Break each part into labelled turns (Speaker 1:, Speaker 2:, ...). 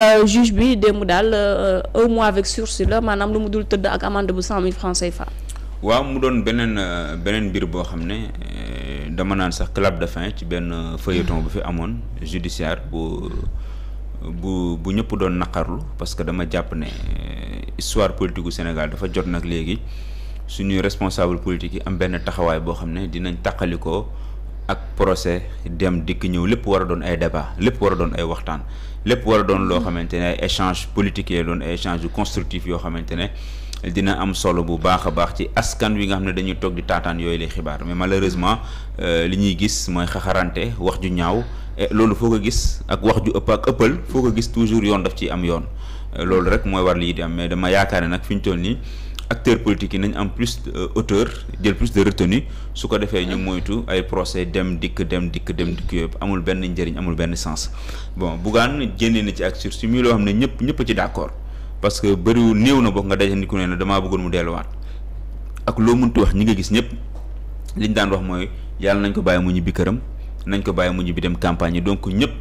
Speaker 1: Euh, juge bi démb daal euh, un mois avec sursis la maanaam lu mu dul tëdd ak amande bu cent mille francs CFA.
Speaker 2: waaw mu doon beneen euh, beneen mbir boo xam ne dama naan sax clap de fin ci benn feuilleton bu fi amoon judiciaire bu bu bu ñëpp doon naqarlu parce que dama jàpp ne histoire politique gu Sénégal dafa jot nag léegi suñuy responsable politique yi am benn taxawaay boo xam ne dinañ taqali ko ak procès dem dikk ñëw lépp war a doon ay débat lépp war a doon ay waxtaan lépp war a doon loo xamante ne ay échange politique doon ay échange constructif yoo xamante ne dina am solo bu baax a baax ci askan wi nga xam ne dañuy toog di taataan yooyu lay xibaar mais malheureusement euh, li ñuy gis mooy xaxarante wax ju ñaaw loolu foo ko gis ak wax ju ëpp ak ëppal foo ko gis toujours yoon daf ci am yoon euh, loolu rek mooy war lii di am mais dama yaakaar ne nag fi ñu toll nii acteurs politiques yi nañ am plus euh, hauteur jël plus de retenue su ko defee ñu moytu ay procès dem dikk dem dikk dem dikk yëpp amul benn njëriñ amul benn sens bon Bougane génnee na ci ak sursis mi loo xam ne ñëpp ñëpp a ci d'accord parce que bëriwul néew na bokk nga daje nit ku ne ne damaa bëggoon mu delluwaat ak loo mënti wax ñi nga gis ñëpp liñ daan wax mooy yàlla nañ ko bàyyi mu ñibbi këram nañ ko bàyyi mu ñibbi dem campagne yi donc ñëpp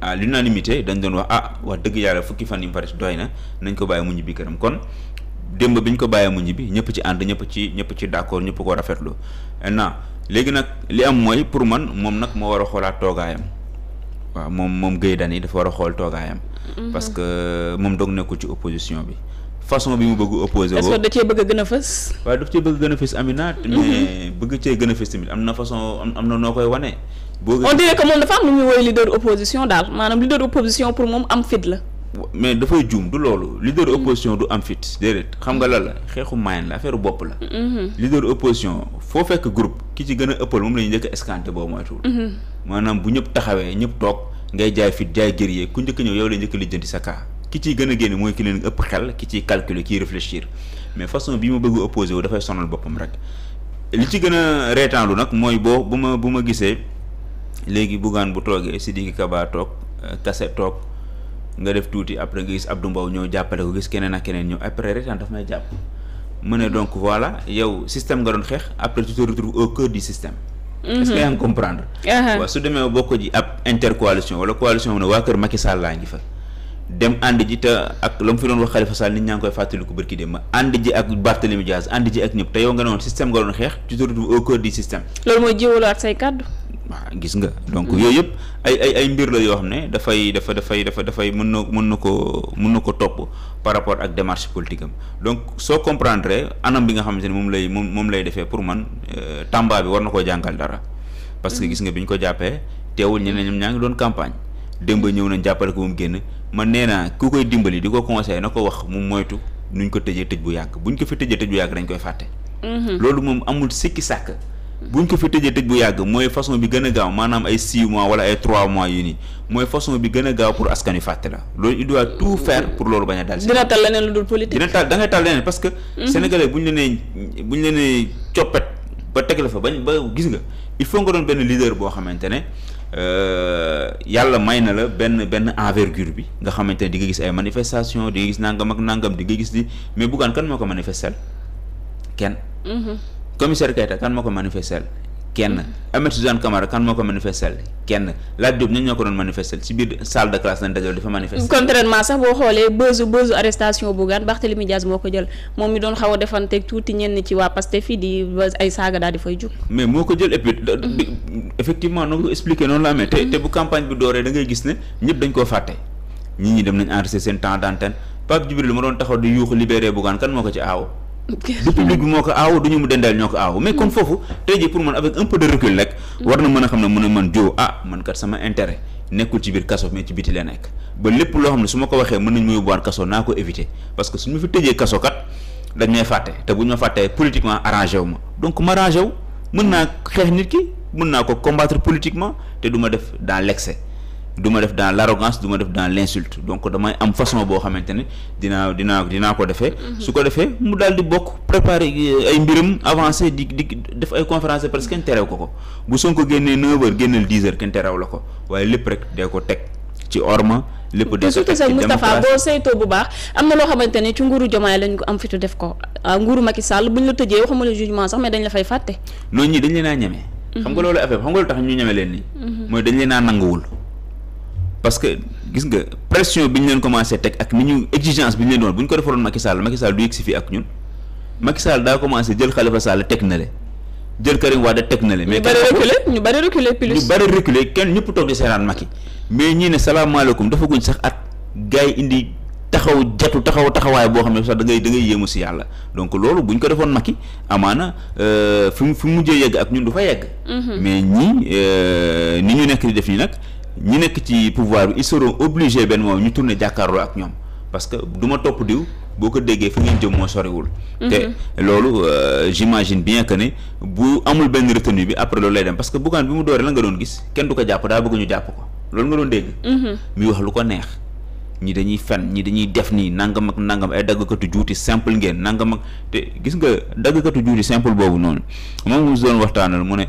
Speaker 2: à l'unanimité dañ doon wax ah wax dëgg yàlla fukki fan yi mu faris na nañ ko bàyyi mu ñibbi këram kon démb bi ñu ko bàyyee mu bi ñëpp ci ànd ñëpp ci ñëpp ci d'accord ñëpp ko rafetlu maintenant léegi nag li am mooy pour man moom nag moo war a xoolaat toogaayam waaw moom moom Guèye Dany dafa war a xool toogaayam. Mm-hmm. parce que moom dog nekkul ci opposition bi. façon bi mu bëgg opposé woo est-ce da
Speaker 1: cee bëgg gën a fës
Speaker 2: waaw daf cee bëgg a gën a fës Amina mais mm-hmm. bëgg cee gën a fës tamit am na façon am na noo koy wane boo on dirait que moom
Speaker 1: dafa am lu muy woy leader opposition daal maanaam leader opposition pour moom am fit la
Speaker 2: mais dafay juum du loolu mm. leader opposition du am fit déedéet xam nga la la xeexu mayen la affaire bopp la mm-hmm. leader opposition foo fekk group ki ci gën a ëppal moom la ñuy njëkk escanté boobu moytuwul mm-hmm. maanaam bu ñëpp taxawee ñëpp toog ngay jaay fit jaay guerrier ku njëkk ñëw yow la njëkk lijjanti sa cas ki ciy gën a génn mooy ki leen ëpp xel ki ciy calculer kiy réfléchir mais façon bi mu bëgg opposé wu dafay sonal boppam rek li ci gën a reetaanlu nag mooy boo bu ma bu ma gisee léegi buggaan bu toogee Sidiki Kaba toog kase toog nga def tuuti après nga gis Abdou Mbow ñëw jàppale ko gis keneen ak keneen ñëw après retaan daf may jàpp mu ne donc voilà yow système nga doon xeex après tu te retrouves au cœur du système
Speaker 1: mm-hmm. est-ce que yaa
Speaker 2: comprendre uh-huh. su demee bokk ji ab intercoalition wala coalition mu ne waa kër Macky Sall laa ngi fa dem ànd ji te ak la mu fi doon wax Khalifa Sall nit ñaa ngi koy fàttaliku bërki dem ma ànd ji ak Barthélemy Diaz ànd ji ak ñëpp te yow nga ne woon système nga doon xeex tu te say kàddu. waaw gis nga. donc yooyu yëpp ay ay ay mbir la yoo xam ne dafay dafa dafay dafa dafay mën na mën na ko mën na ko topp par rapport ak démarche politique am donc soo comprendre anam bi nga xamante ne moom lay moom moom lay defee pour man euh, Tamba bi war na koo jàngal dara parce que mm-hmm. gis nga bi ñu ko jàppee teewul ñeneen ñoom ñaa ngi doon campagne. démb ñëw nañ jàppale ko moom génn man nee naa ku koy dimbali di ko conseillé na ko wax mu moytu nuñ ko tëjee tëj bu yàgg buñ ko fi tëjee tëj bu yàgg dañ koy fàtte. Mhm. loolu moom amul sikki sàkk. buñ ko fi tëjee tëj bu yàgg mooy façon bi gën a gaaw maanaam ay 6 mois wala ay 3 mois yu nii mooy façon bi gën a gaaw pour askan wi fàtte la loolu il doit tout faire pour loolu bañ a dal. dina tal
Speaker 1: leneen lu dul politique. dina
Speaker 2: tal da ngay tal leneen parce mhm. gis nga il faut nga doon benn leader boo xamante ne Euh, yàlla may na la benn benn envergure bi nga xamante ne di gis ay manifestation di gis nangam ak nangam di nga gis di mais Bougane kan moo ko manifestel kenn mhm. commissaire Keita kan moo ko manifestel kenn Ahmed Suzanne Camara kan moo ko manifestel kenn Lat Diop ñun ñoo ko doon manifestel ci biir salle de classe lañ dajal dafa manifester. contrairement
Speaker 1: sax boo xoolee bësu bësu arrestation bu gaan Barthélemy Diaz moo ko jël moom mi doon xaw a defanteeg tuuti ñenn ci waa Pastef fii di ay saaga daal di fay jug.
Speaker 2: mais moo ko jël et mm-hmm. effectivement noonu la amee. te te bu campagne bi dooree da ngay gis ne ñëpp dañ koo fàtte. ñit ñi dem nañ enregistrer seen temps d'antenne Pape Djibril mu ko ci du public bi moo ko aaw du ñu mu dendaal ñoo ko aaw mais kon hmm. foofu tey jii pour man avec un peu de recul rek hmm. war na mën a xam ne mën a man joo ah man kat sama intérêt nekkul ci biir kaso mais ci biti la nekk ba lépp loo xam ne su ma ko waxee mën nañ ma yóbbuwaat kaso naa ko éviter parce que suñu fi tëjee kaso kat dañ may fàtte te bu ñu ma fàttee politiquement arrangé wu ma donc ma arrangé wu mën naa xeex nit ki mën naa ko combattre politiquement te du def dans duma def dans l'arrogance du ma def dans l'insulte donc damay am façon boo xamante ne dinaa dinaa dinaa ko defee mhm. su ko defee mu daal di bokk préparer euh, ay mbiram avancer di di def ay conférence parce que kenn terew ko ko bu Sonko génnee neuf heures génneel dix heures kenn terew la ko waaye lépp rek dee ko teg ci orma lépp de
Speaker 1: bu baax na loo xamante ne ci nguuru Diomaye def ko ah, nguuru Macky Sall buñ la tëjee waxuma la jugement sax mais dañ la fay
Speaker 2: leen a ñeme xam nga mhm. loolu affaire xam nga lu tax ñu ñeme leen nii mhm. mooy dañ leen a nanguwul parce que gis nga pression bi ñu leen commencé teg ak ni ñu exigence bi ñu leen doon bu ñu ko defaroon Macky Sall Macky Sall du yegg si ak ñun Macky Sall daa commencé jël Khalifa Sall teg na le jël Karim Wade teg na le. mais ñu ñu bari reculé plus ñu bari reculé kenn ñëpp toog di seeraan Macky mais ñii ne salaamaaleykum dafa sax at gars yi indi taxaw jatu taxaw taxawaay boo xam ne sax da ngay yéemu si yàlla donc loolu bu ko defoon Macky amaana euh, fi mu fi mu mujjee yegg ak ñun du fa yegg. Mhm. mais ñii euh, ni ñu nekk di def nii nag. ñu nekk ci pouvoir bi ils seront obligés benn moom ñu tourner jàkkaarloo ak ñoom parce que du ma topp diw boo ko déggee fi ngeen jëm moo soriwul. Mm-hmm. te loolu euh, j'imagine bien bu amul benn retenue bi après loolu lay parce que Bougane bi mu dooree la nga doon gis kenn du ko jàpp daa bëgg ko loolu nga doon dégg. Mm-hmm. muy wax lu ko neex. ñi dañuy fen ñi dañuy def nii nangam ak nangam ay daggkatu juuti simple ngeen nangam ak te gis nga daggkatu juuti simple boobu noonu moom mu doon waxtaanal mu ne.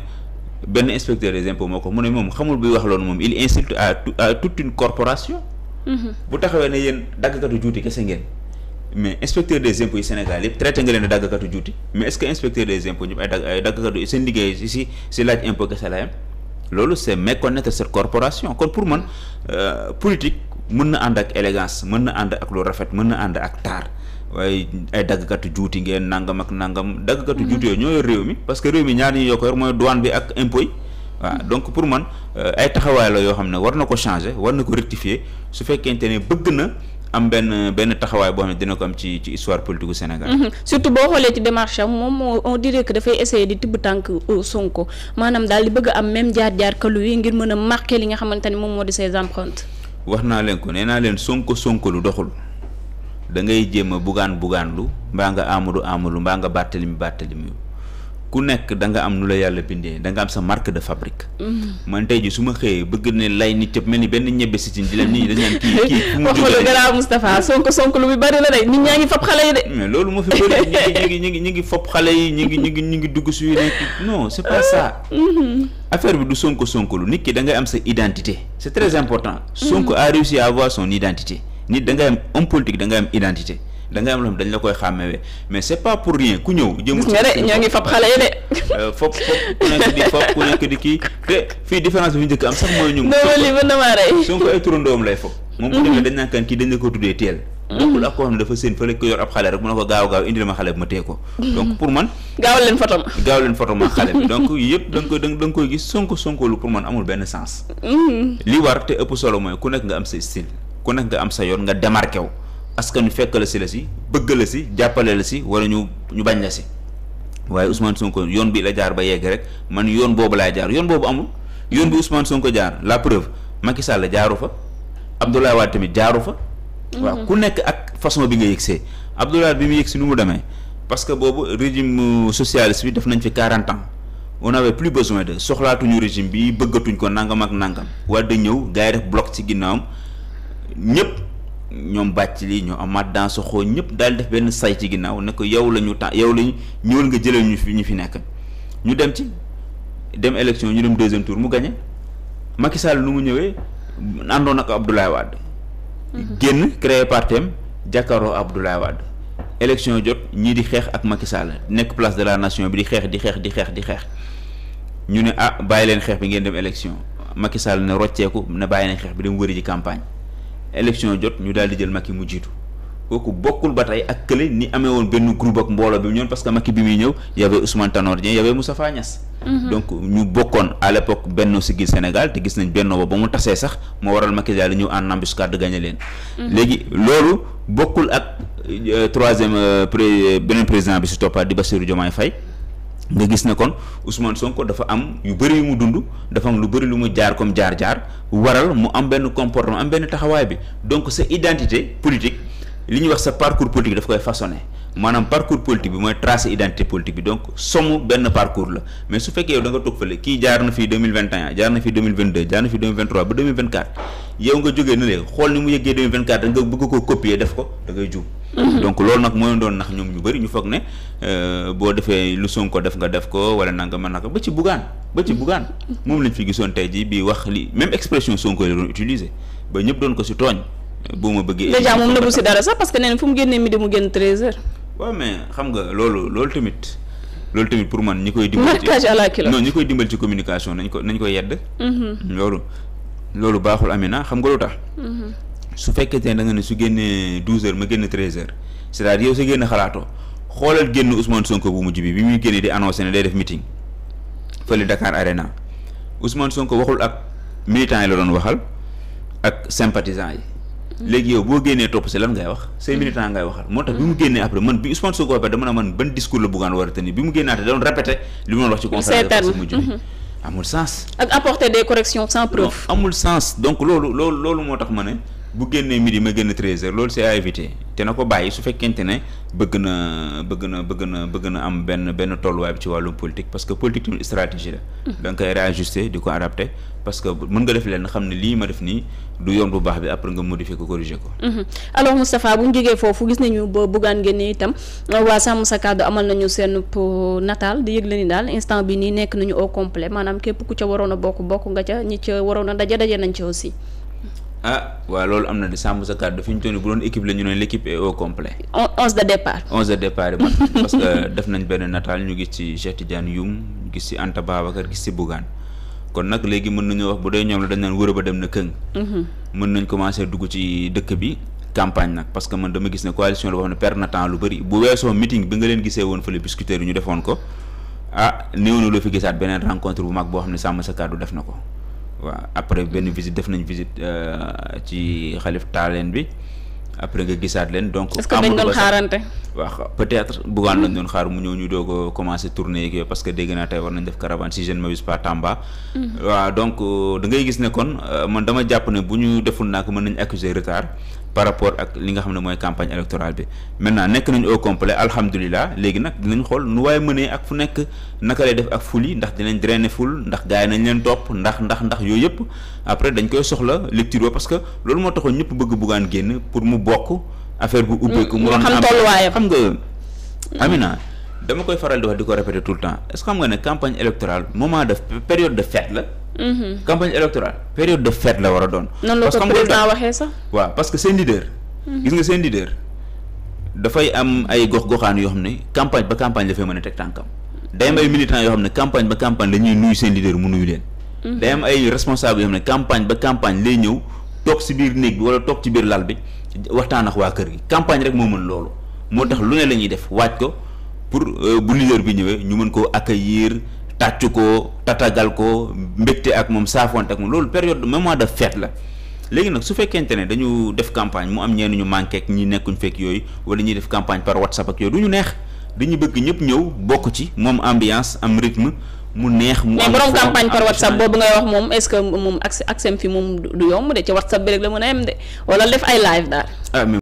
Speaker 2: benn inspecteur des impôts moo ko mu ne moom xamul buy wax loolu moom il insulte à à toute une corporation. Mhm. bu taxawee ne yéen daggkatu juuti kese ngeen. mais inspecteur des impôts yi Sénégal yëpp traité nga leen daggkatu juuti mais est-ce que inspecteur des impôts ñëpp ay dagg seen liggéey si si si laaj impôt kese la yem loolu c'est méconnaître cette corporation kon pour man euh, politique mën na ànd ak élégance mën na ànd ak lu rafet mën na ànd ak taar. waaye ay daggkatu juuti ngeen nangam ak nangam daggkatu juuti yooyu ñoo yor réew mi parce que réew mi ñaar ñi ñoo yor mooy douane bi ak impôt yi waaw donc pour man euh, ay taxawaay la yoo xam ne war na ko changer war na ko rectifier su fekkente ne bëgg na am benn benn taxawaay boo xam ne dina ko am ci ci histoire politique gu Sénégal.
Speaker 1: Mhm. surtout boo xoolee ci am moom moo on dirait que dafay essayer di tibb tànk euh, Sonko maanaam daal di bëgg am même jaar-jaar que lui mën a marquer li nga xamante ne moom moo di ses
Speaker 2: wax naa leen ko nee naa leen Sonko Sonko lu doxul. da ngay jéem a bugaan bugaan lu mbaa nga amalu amalu mbaa nga bàttalimi bàttalimi ku nekk da nga am yàlla bindee da nga am sa marque de fabrique. Mm-hmm. man tey ji su ma xëyee bëgg ne lay nit yëpp mel benn ñebe si di leen nit ñi dañ bari la ñaa ngi fab xale yi de. mais loolu moo fi bëri ñu ngi ñu ngi ñu ngi fab xale yi ñu ngi ñu ngi ñu ngi dugg suy nekk non c'est pas ça.
Speaker 1: Mm-hmm.
Speaker 2: affaire bi du sonk sonk lu nit ki da ngay am sa identité. c'est très important. Sonko mm-hmm. a réussi à avoir son identité. nit da ngay am homme politique da ngay am identité da am loo xam dañ la koy xàmmewee mais c'est pas pour rien ku ñëw. jëm ci ñoo ngi fab xale yi de. Euh, kii fii différence bi njëkk am sax mooy. ñu ngi Sonko ay turandoom lay kii dañ la ko tuddee teel. Mhm. bokkul ak ko yor ab xale rek mun ma xale bi ma tee mhm. pour man gaaw leen photo ma gaaw leen photo ma yëpp da nga koy da nga koy gis sonko sonko lu pour man amul benn sens mhm. li war ëpp solo mooy ku nekk nga am sa style ku nekk nga am sa yoon nga démarqué wu askan wi fekk la si la si bëgg la si jàppale la si walla ñu ñu bañ la si waaye Ousmane Sonko yoon bi la jaar ba yegg rek man yoon boobu laay jaar yoon boobu amul yoon bi Ousmane Sonko jaar la preuve Macky Sall jaaru fa Abdoulaye Wade tamit jaaru fa. waa mhm. ku nekk ak façon bi nga yëgsee Abdoulaye bi mu yëg si nu mu demee parce que boobu régime euh, socialiste bi def nañ fi quarante ans on avait plus besoin de soxlaatuñu régime bi bëggatuñ ko nangam ak nangam wala da ñëw gars yi ci ginnaawam. ñëpp ñoom bàcc li ñoo amaat dans sa xoo ñëpp daal def benn say ci ginnaaw ne ko yow la ñu temps yow lañu ñëwal nga jëlee ñu fi ñu fi nekk ñu dem ci dem élection ñu dem deuxième tour mu gagné Macky Sall nu mu ñëwee àndoon ak Abdoulaye Wade. Mhm. génn créer partem jàkkaaroo Abdoulaye Wade. élection jot ñii di xeex ak Macky Sall nekk place de la nation bi di xeex di xeex di xeex di xeex ñu ne ah bàyyi leen xeex bi ngeen dem élection Macky Sall ne rocceeku ne bàyyi leen xeex bi dem wëri ji campagne. élection jot ñu daal di jël Macky mu jiitu kooku bokkul ba tey ak kële ni amee woon benn groupe ak mbooloo bi mu ñëwoon parce que Macky bi muy ñëw y avait Ousmane Tanor Dieng y avait Moustapha Niasse mhm. donc ñu bokkoon à l'époque Benno Siggil Sénégal te gis nañ Benno ba ba mu tasee sax moo waral Macky daal di ñëw en embuscade gagné leen mhm. léegi loolu bokkul ak euh, troisième euh, pré euh, beneen président bi si toppaat di Bassirou Diomaye fay nga gis ne kon Ousmane Sonko dafa am yu bëri yu mu dund dafa am lu bëri lu mu jaar comme jaar-jaar waral mu am benn comportement am benn taxawaay bi donc sa identité politique li ñu wax sa parcours politique daf koy façonné maanaam parcours politique bi mooy tracer identité politique bi donc somme benn parcours la mais su fekkee yow da nga toog fële kii jaar na fi 2021 jaar na fi 2022 jaar na fi 2023 ba 2024 yow nga jógee na léegi xool ni mu yëggee 2024 da nga bëgg koo copier def ko da ngay juum. Mhm. donc loolu nag mooy doon nax ñoom ñu bëri ñu foog ne euh, boo defee lu Sonko def nga def ko wala nanga mën naka ba ci Bougane ba ci Bougane mhm. moom lañ fi gisoon tey jii wax li même expression Sonko la ba ñëpp doon ko si tooñ. boo ma bëggee. déjà moom nëbbu si dara
Speaker 1: sax parce que fu mu génnee midi mu génn 13h.
Speaker 2: waaw mais xam nga loolu loolu tamit loolu tamit pour man ñi koy. dimbal ci à la kilo non ñi koy dimbal ci communication nañ ko nañ ko yedd. Mm-hmm. loolu loolu baaxul Amina xam nga lu tax. Mm-hmm. su fekkee ne na nga ne su génnee 12h ma génn 13h c'est-à-dire yow sa génn xalaatoo xoolal génn Ousmane Sonko bu mujj bi bi muy génnee di annoncé ne day def meeting fële Dakar Arena Ousmane waxul ak militants la doon waxal ak yi. léegi yow boo génnee topp si lan ngay wax say militants ngay waxal moo tax bi mu génnee après man bi Ousmane Sonko ba dama naa man ban la buggaan war a tenir bi mu génnaate da doon répété li mu doon wax ci conférence de mu joxe amul sens
Speaker 1: ak apporter des corrections sans preuve
Speaker 2: amul sens donc loolu loolu loolu moo tax ma ne bu génnee midi ma génn treize heures loolu c'est à te na ko bàyyi su fekkente ne bëgg na bëgg na bëgg na bëgg na am benn benn tolluwaay bi ci wàllum politique parce que politique tamit stratégie la mm-hmm. da nga koy di ko adapter parce que mën nga def leen xam ne lii ma def nii du yoon bu baax bi après nga modifier ko corriger ko
Speaker 1: mm-hmm. alors Moustapha bu ñu foofu gis nañu ba buggaan ngeen ni itam euh, waa sàmm sa kàddu amal nañu seen nataal di yëgle ni daal instant bi nii nekk nañu au maanaam képp ku ca waroon a bokk bokk nga waroon a daje daje nañ ci
Speaker 2: ah waaw loolu am na de sàmm sa kàddu fi ñu toll bu doon équipe la ñu ne l' équipe au complet. onze de départ. onze de départ parce que euh, def nañ benn nataal ñu gis ci Cheikh Tidiane Youm gis ci Anta Babacar gis ci Bougane kon nag léegi mën nañu wax bu dee ñoom la dañ naan wër ba dem na këng. Mhm. mën nañ commencé dugg ci dëkk bi. campagne nag parce que man dama gis ne coalition la boo xam ne perte na lu bëri bu weesoo meeting bi nga leen gisee woon fële biscuiterie ñu defoon ko ah, fi gisaat beneen rencontre bu mag boo xam ne sàmm sa kàddu def na ko. waaw après benn visite def nañ visite euh, ci xalif taaleen bi après nga gisaat leen donc. est-ce
Speaker 1: que
Speaker 2: peut-être buggaan lañ mm-hmm. doon xaar mu ñëw ñu doog a commencé tournée yeeg parce que dégg naa tey war nañ def caravane si je ne m'abuse pas Tamba. Mm-hmm. waaw donc euh, da ngay gis ne kon euh, man dama jàpp ne bu ñu deful naa ko mën nañ accuser retard. par rapport ak li nga xam ne mooy campagne électorale bi maintenant nekk nañu au complet alhamdulilah léegi nag dinañ xool nu waaye mënee ak fu nekk naka lay def ak ful yi ndax dinañ drainer ful ndax gars yi nañ leen topp ndax ndax ndax yooyu yëpp après dañ koy soxla lecture ba parce que loolu moo taxoon ñëpp bëgg buggaan génn pour mu bokk affaire bu ubbeeku mu doon waaye xam nga mm. Amina dama koy faral di wax di ko répéter tout temps est xam nga ne campagne électorale moment de période de fête la Mm-hmm. campagne électorale période de fet la war a doon. parce que noonu la ko waxee sax. waaw parce que seen leader. Mm-hmm. gis nga seen leader dafay am ay gox-goxaan yoo xam ne campagne ba campagne dafay mën a teg tànkam. Mm-hmm. day am ay militants yoo ne campagne ba la ñuy nuyu seen leader mu nuyu leen. day am ay responsable yoo xam ne campagne ba campagne lay ñëw toog si biir néeg bi wala toog ci biir laal bi waxtaan ak waa kër gi campagne rek moo mën loolu. moo tax lu ne la ñuy def waaj ko pour euh, bu leader bi ñëwee ñu mën koo accueillir. tàccu ko tatagal ko mbégte ak moom saafoonte ak moom loolu période même mois de fête la léegi nag su fekkente ne dañu def campagne mu am ñenn ñu manqué ñi nekkuñ fekk yooyu wala ñuy def campagne par whatsapp ak yooyu du ñu neex dañu bëgg ñëpp ñëw bokk ci moom ambiance am rythme mu neex mu. am campagne par whatsapp boobu ngay wax
Speaker 1: moom est moom accès accès fi moom du yomb de ci whatsapp bi rek la mën a yem de wala def ay live daal.
Speaker 2: Ah,